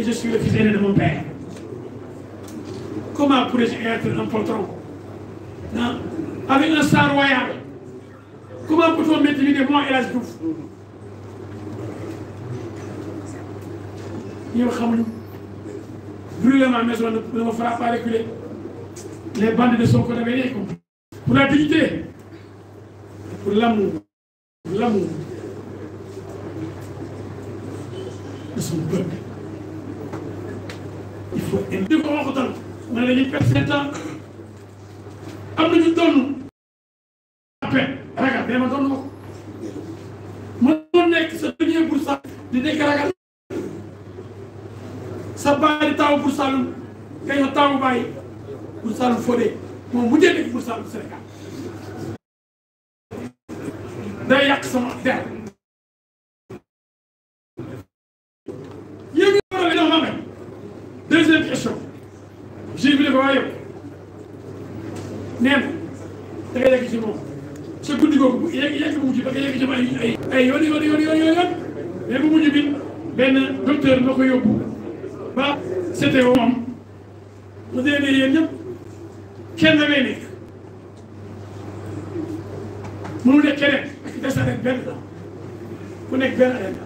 et je suis le fils aîné de mon père. Comment pourrais-je être un patron hein? Avec un sang royal. Comment pourrais-je on de moi et la a un brûler ma maison ne me fera pas reculer les bandes de son pas pour la dignité pour l'amour Pour l'amour de son peuple il faut indi ko waxutal ne dañuy perte seen temps am nañu doon appel ragal mais doon ko mënoo nekk sa premier pour sa di nekk ragal sa baay di taawu pour Saloum nga ñëw taawu baay pour Saloum Fodé moom mu jëndee pour Saloum Sénégal day yàq der. question juge bi ne ko waa yow nee na da ngay moom sa guddi googu yegg yegg mujj ba nga yegg ci ma ay ay yoon yoon yoon yoon yoon mais bu mujj bi benn docteur moo ko yóbbu ba c'était nekk mënu ku nekk benn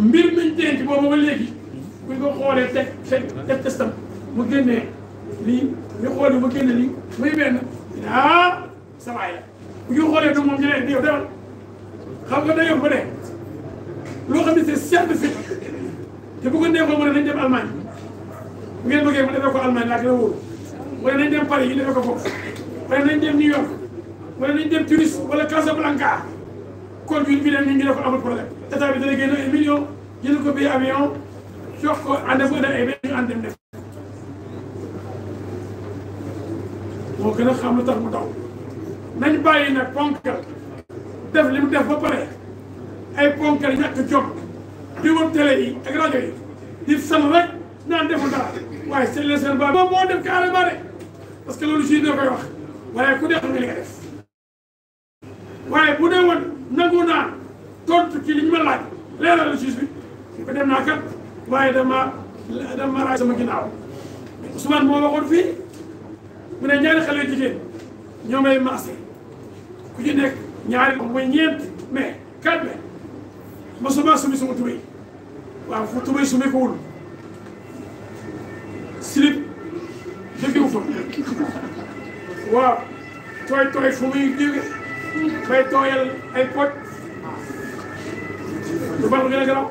mbir miñ denc boobu ba léegi buñ ko xoolee teg fekk def testam mu génnee lii ñu xoolee mu génne lii muy benn ah sa la bu ñu xoolee du moom ñu ne di demal xam nga dayoo ko de loo xam ne c'est scientifique te bu ko neexoon mu ne nañ dem Allemagne bu ngeen bëggee mu defee ko Allemagne laa ko a wóor wala nañ dem Paris yi defee ko foofu wala nañ dem New York wala nañ dem Tunis wala Casablanca kon ñun ñu dem ñu ngi def ko amul problème état bi dana génne ay millions. jël ko bii avion jox ko ànd ak ay benn ànd dem def moo gën a xam lu tax mu daw nañ bàyyi nag ponkal def li mu def ba pare ay ponkal ñàkk jom di wër télé yi di sal rek naan deful dara waaye seen seen ba moom moo def carrément de parce que loolu si ne koy wax waaye ku def nga li nga def waaye bu dee woon nangu naa tontu ci li ñu ma laaj leeral la juge ba dem naa kat waaye dama dama raay sama ginnaaw Ousmane moo waxoon fii mu ne ñaari xale jigéen ñoo may maase ku ci nekk ñaari mooy ñeent mais quatre mais mosuma sumi suma tubéy waaw fu tubéy sumi ko wul slip jógewu fa waaw tooy tooy fu muy jóge bay tooyal ay pot lu baax lu gën a garaaw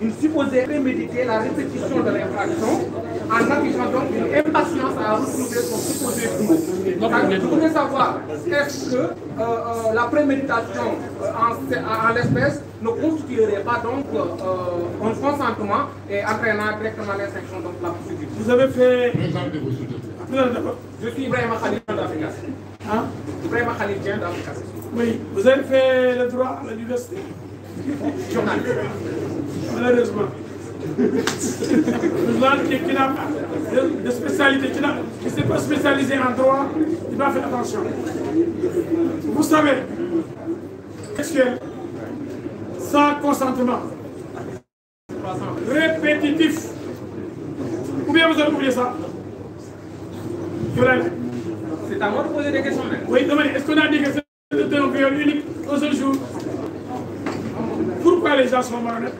Il supposait préméditer la répétition de l'infraction en affichant donc une impatience à retrouver son supposé coup. je voudrais savoir, est-ce que euh, euh, la préméditation euh, en, l'espèce ne constituerait pas donc un consentement et entraînant directement l'infraction de la procédure Vous avez fait... Je suis Ibrahim Khalid d'Afrique. Hein Ibrahim Khalid d'Afrique. Oui, vous avez fait le droit à l'université Malheureusement. Je qui n'a pas de spécialité, qui ne s'est pas spécialisé en droit, il doit faire attention. Vous savez, qu'est-ce que sans consentement, répétitif, ou bien vous avez oublié ça C'est à moi de poser des questions. Oui, demandez, est-ce qu'on a des questions de un viol unique un seul jour Pourquoi les gens sont malhonnêtes